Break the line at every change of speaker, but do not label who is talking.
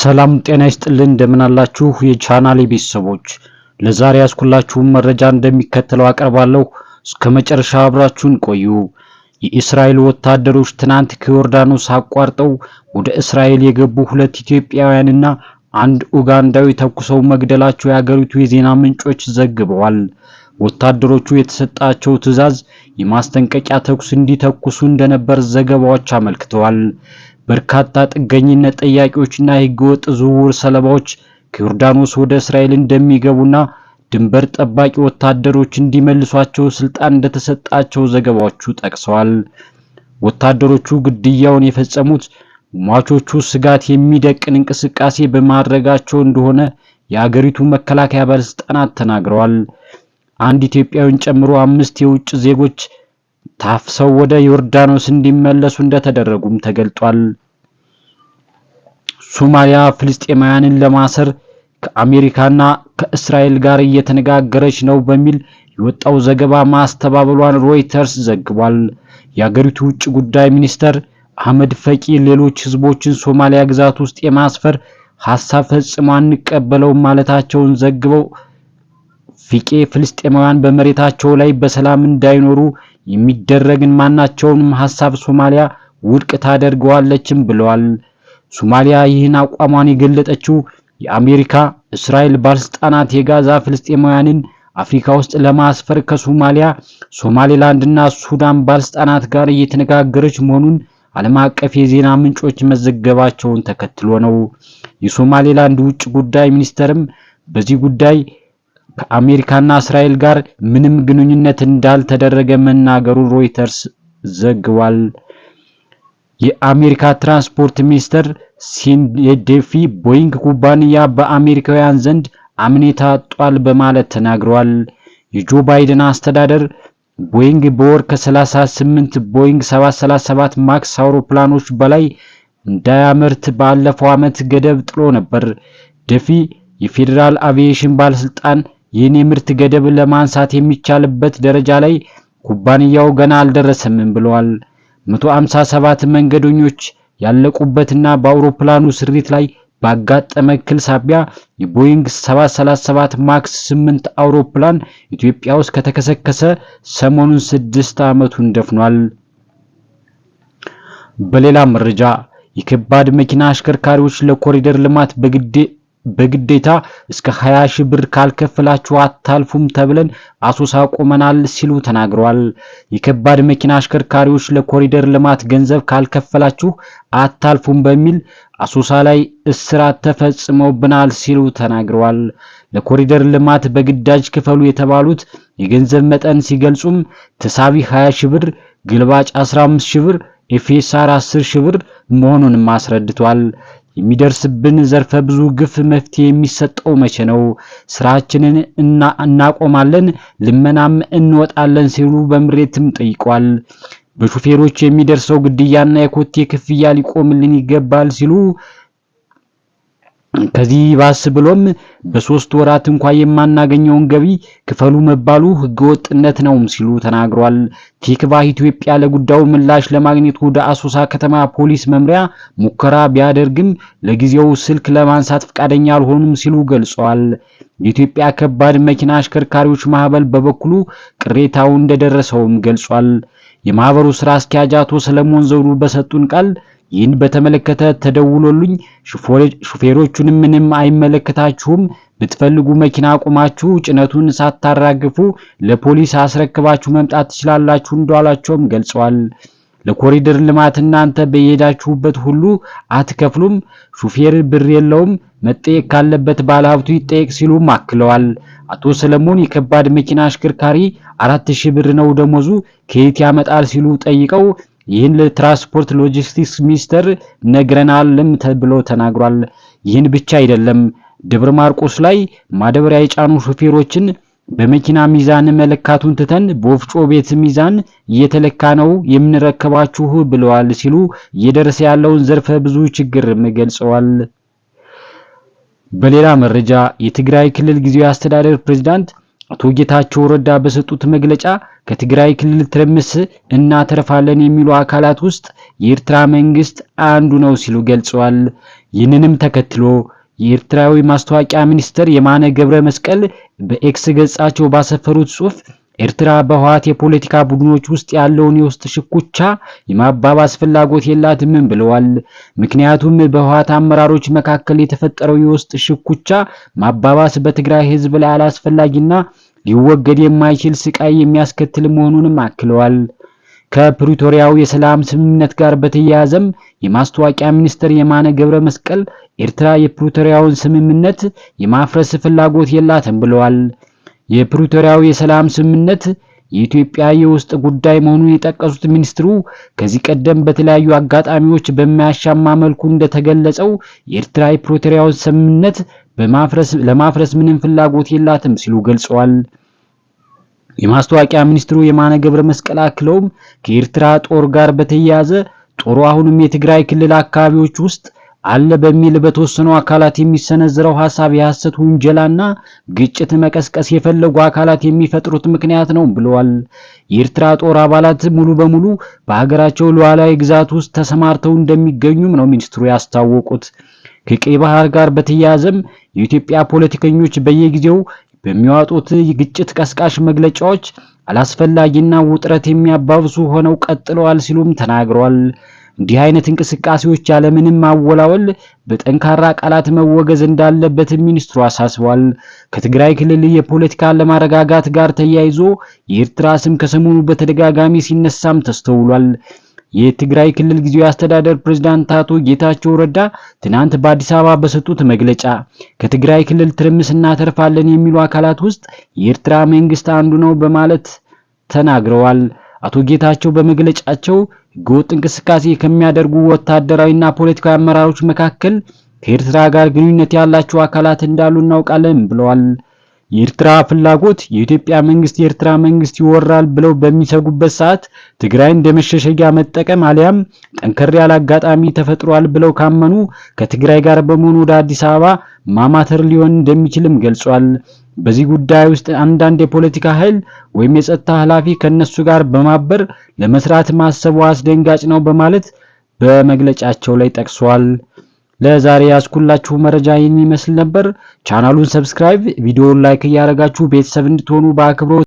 ሰላም ጤና ይስጥልን እንደምን አላችሁ የቻናሌ ቤተሰቦች፣ ለዛሬ ያስኩላችሁን መረጃ እንደሚከተለው አቀርባለሁ። እስከ መጨረሻ አብራችሁን ቆዩ። የእስራኤል ወታደሮች ትናንት ከዮርዳኖስ አቋርጠው ወደ እስራኤል የገቡ ሁለት ኢትዮጵያውያንና አንድ ኡጋንዳዊ ተኩሰው መግደላቸው የአገሪቱ የዜና ምንጮች ዘግበዋል። ወታደሮቹ የተሰጣቸው ትዕዛዝ የማስጠንቀቂያ ተኩስ እንዲተኩሱ እንደነበር ዘገባዎች አመልክተዋል። በርካታ ጥገኝነት ጠያቂዎችና የህገወጥ ዝውውር ሰለባዎች ከዮርዳኖስ ወደ እስራኤል እንደሚገቡና ድንበር ጠባቂ ወታደሮች እንዲመልሷቸው ስልጣን እንደተሰጣቸው ዘገባዎቹ ጠቅሰዋል። ወታደሮቹ ግድያውን የፈጸሙት ሟቾቹ ስጋት የሚደቅን እንቅስቃሴ በማድረጋቸው እንደሆነ የአገሪቱ መከላከያ ባለስልጣናት ተናግረዋል። አንድ ኢትዮጵያዊን ጨምሮ አምስት የውጭ ዜጎች ታፍሰው ወደ ዮርዳኖስ እንዲመለሱ እንደተደረጉም ተገልጧል። ሶማሊያ ፍልስጤማውያንን ለማሰር ከአሜሪካና ከእስራኤል ጋር እየተነጋገረች ነው በሚል የወጣው ዘገባ ማስተባበሏን ሮይተርስ ዘግቧል። የአገሪቱ ውጭ ጉዳይ ሚኒስተር አህመድ ፈቂ ሌሎች ህዝቦችን ሶማሊያ ግዛት ውስጥ የማስፈር ሀሳብ ፈጽሞ አንቀበለውም ማለታቸውን ዘግበው ፊቄ ፍልስጤማውያን በመሬታቸው ላይ በሰላም እንዳይኖሩ የሚደረግን ማናቸውንም ሀሳብ ሶማሊያ ውድቅ ታደርገዋለችም ብለዋል። ሶማሊያ ይህን አቋሟን የገለጠችው የአሜሪካ እስራኤል ባለስልጣናት የጋዛ ፍልስጤማውያንን አፍሪካ ውስጥ ለማስፈር ከሶማሊያ ሶማሌላንድና ሱዳን ባለስልጣናት ጋር እየተነጋገረች መሆኑን ዓለም አቀፍ የዜና ምንጮች መዘገባቸውን ተከትሎ ነው። የሶማሌላንድ ውጭ ጉዳይ ሚኒስተርም በዚህ ጉዳይ ከአሜሪካና እስራኤል ጋር ምንም ግንኙነት እንዳልተደረገ መናገሩን ሮይተርስ ዘግቧል። የአሜሪካ ትራንስፖርት ሚኒስትር ሲንዴፊ ቦይንግ ኩባንያ በአሜሪካውያን ዘንድ አምኔታ ጧል በማለት ተናግረዋል። የጆ ባይደን አስተዳደር ቦይንግ በወር ከ38 ቦይንግ 737 ማክስ አውሮፕላኖች በላይ እንዳያመርት ባለፈው ዓመት ገደብ ጥሎ ነበር። ደፊ የፌዴራል አቪዬሽን ባለስልጣን ይህን የምርት ገደብ ለማንሳት የሚቻልበት ደረጃ ላይ ኩባንያው ገና አልደረሰምም ብለዋል። 157 መንገደኞች ያለቁበትና በአውሮፕላኑ ስሪት ላይ ባጋጠመ እክል ሳቢያ የቦይንግ 737 ማክስ 8 አውሮፕላን ኢትዮጵያ ውስጥ ከተከሰከሰ ሰሞኑን ስድስት ዓመቱን ደፍኗል። በሌላ መረጃ የከባድ መኪና አሽከርካሪዎች ለኮሪደር ልማት በግዴታ እስከ 20 ሺህ ብር ካልከፈላችሁ አታልፉም ተብለን አሶሳ ቆመናል ሲሉ ተናግረዋል። የከባድ መኪና አሽከርካሪዎች ለኮሪደር ልማት ገንዘብ ካልከፈላችሁ አታልፉም በሚል አሶሳ ላይ እስራት ተፈጽመውብናል ሲሉ ተናግረዋል። ለኮሪደር ልማት በግዳጅ ክፈሉ የተባሉት የገንዘብ መጠን ሲገልጹም ተሳቢ 20 ሺህ ብር፣ ግልባጭ 15 ሺህ ብር፣ ኤፌሳር 10 ሺህ ብር መሆኑንም አስረድቷል። የሚደርስብን ዘርፈ ብዙ ግፍ መፍትሄ የሚሰጠው መቼ ነው? ስራችንን እናቆማለን፣ ልመናም እንወጣለን ሲሉ በምሬትም ጠይቋል። በሹፌሮች የሚደርሰው ግድያና የኮቴ ክፍያ ሊቆምልን ይገባል ሲሉ ከዚህ ባስ ብሎም በሶስት ወራት እንኳ የማናገኘውን ገቢ ክፈሉ መባሉ ህገወጥነት ነው ሲሉ ተናግሯል። ቲክቫ ኢትዮጵያ ለጉዳዩ ምላሽ ለማግኘት ወደ አሶሳ ከተማ ፖሊስ መምሪያ ሙከራ ቢያደርግም ለጊዜው ስልክ ለማንሳት ፈቃደኛ አልሆኑም ሲሉ ገልጸዋል። የኢትዮጵያ ከባድ መኪና አሽከርካሪዎች ማህበር በበኩሉ ቅሬታው እንደደረሰውም ገልጿል። የማህበሩ ስራ አስኪያጅ አቶ ሰለሞን ዘውዱ በሰጡን ቃል ይህን በተመለከተ ተደውሎልኝ ሹፌሮቹን ምንም አይመለከታችሁም፣ ብትፈልጉ መኪና አቁማችሁ ጭነቱን ሳታራግፉ ለፖሊስ አስረክባችሁ መምጣት ትችላላችሁ እንዳሏቸውም ገልጸዋል። ለኮሪደር ልማት እናንተ በየሄዳችሁበት ሁሉ አትከፍሉም፣ ሹፌር ብር የለውም፣ መጠየቅ ካለበት ባለሀብቱ ይጠየቅ ሲሉም አክለዋል። አቶ ሰለሞን የከባድ መኪና አሽከርካሪ አራት ሺህ ብር ነው ደሞዙ ከየት ያመጣል ሲሉ ጠይቀው ይህን ለትራንስፖርት ሎጂስቲክስ ሚኒስተር ነግረናልም ተብሎ ተናግሯል። ይህን ብቻ አይደለም፣ ደብረ ማርቆስ ላይ ማደበሪያ የጫኑ ሾፌሮችን በመኪና ሚዛን መለካቱን ትተን በወፍጮ ቤት ሚዛን እየተለካ ነው የምንረከባችሁ ብለዋል ሲሉ እየደረሰ ያለውን ዘርፈ ብዙ ችግር ገልጸዋል። በሌላ መረጃ የትግራይ ክልል ጊዜያዊ አስተዳደር ፕሬዝዳንት አቶ ጌታቸው ረዳ በሰጡት መግለጫ ከትግራይ ክልል ትርምስ እናተርፋለን የሚሉ አካላት ውስጥ የኤርትራ መንግስት አንዱ ነው ሲሉ ገልጸዋል። ይህንንም ተከትሎ የኤርትራዊ ማስታወቂያ ሚኒስትር የማነ ገብረ መስቀል በኤክስ ገጻቸው ባሰፈሩት ጽሑፍ ኤርትራ በህወሓት የፖለቲካ ቡድኖች ውስጥ ያለውን የውስጥ ሽኩቻ የማባባስ ፍላጎት የላትምም ብለዋል። ምክንያቱም በህወሓት አመራሮች መካከል የተፈጠረው የውስጥ ሽኩቻ ማባባስ በትግራይ ህዝብ ላይ አላስፈላጊና ሊወገድ የማይችል ስቃይ የሚያስከትል መሆኑንም አክለዋል። ከፕሪቶሪያው የሰላም ስምምነት ጋር በተያያዘም የማስታወቂያ ሚኒስትር የማነ ገብረ መስቀል ኤርትራ የፕሪቶሪያውን ስምምነት የማፍረስ ፍላጎት የላትም ብለዋል። የፕሪቶሪያው የሰላም ስምምነት የኢትዮጵያ የውስጥ ጉዳይ መሆኑን የጠቀሱት ሚኒስትሩ ከዚህ ቀደም በተለያዩ አጋጣሚዎች በማያሻማ መልኩ እንደተገለጸው የኤርትራ የፕሪቶሪያው ስምምነት ለማፍረስ ምንም ፍላጎት የላትም ሲሉ ገልጸዋል። የማስታወቂያ ሚኒስትሩ የማነ ገብረ መስቀል አክለውም ከኤርትራ ጦር ጋር በተያያዘ ጦሩ አሁንም የትግራይ ክልል አካባቢዎች ውስጥ አለ በሚል በተወሰኑ አካላት የሚሰነዝረው ሐሳብ የሐሰት ውንጀላና ግጭት መቀስቀስ የፈለጉ አካላት የሚፈጥሩት ምክንያት ነው ብለዋል። የኤርትራ ጦር አባላት ሙሉ በሙሉ በሀገራቸው ሉዓላዊ ግዛት ውስጥ ተሰማርተው እንደሚገኙም ነው ሚኒስትሩ ያስታወቁት። ከቀይ ባህር ጋር በተያያዘም የኢትዮጵያ ፖለቲከኞች በየጊዜው በሚያወጡት ግጭት ቀስቃሽ መግለጫዎች አላስፈላጊና ውጥረት የሚያባብሱ ሆነው ቀጥለዋል ሲሉም ተናግረዋል። እንዲህ አይነት እንቅስቃሴዎች ያለምንም ማወላወል በጠንካራ ቃላት መወገዝ እንዳለበት ሚኒስትሩ አሳስቧል። ከትግራይ ክልል የፖለቲካ ለማረጋጋት ጋር ተያይዞ የኤርትራ ስም ከሰሞኑ በተደጋጋሚ ሲነሳም ተስተውሏል። የትግራይ ክልል ጊዜያዊ አስተዳደር ፕሬዝዳንት አቶ ጌታቸው ረዳ ትናንት በአዲስ አበባ በሰጡት መግለጫ ከትግራይ ክልል ትርምስ እናተርፋለን የሚሉ አካላት ውስጥ የኤርትራ መንግስት አንዱ ነው በማለት ተናግረዋል። አቶ ጌታቸው በመግለጫቸው ህገወጥ እንቅስቃሴ ከሚያደርጉ ወታደራዊና ፖለቲካዊ አመራሮች መካከል ከኤርትራ ጋር ግንኙነት ያላቸው አካላት እንዳሉ እናውቃለን ብለዋል። የኤርትራ ፍላጎት የኢትዮጵያ መንግስት የኤርትራ መንግስት ይወራል ብለው በሚሰጉበት ሰዓት ትግራይ እንደ መሸሸጊያ መጠቀም አሊያም ጠንከር ያለ አጋጣሚ ተፈጥሯል ብለው ካመኑ ከትግራይ ጋር በመሆኑ ወደ አዲስ አበባ ማማተር ሊሆን እንደሚችልም ገልጿል። በዚህ ጉዳይ ውስጥ አንዳንድ የፖለቲካ ኃይል ወይም የጸጥታ ኃላፊ ከነሱ ጋር በማበር ለመስራት ማሰቡ አስደንጋጭ ነው በማለት በመግለጫቸው ላይ ጠቅሷል። ለዛሬ ያስኩላችሁ መረጃ ይህን ይመስል ነበር። ቻናሉን ሰብስክራይብ፣ ቪዲዮውን ላይክ እያደረጋችሁ ቤተሰብ እንድትሆኑ በአክብሮት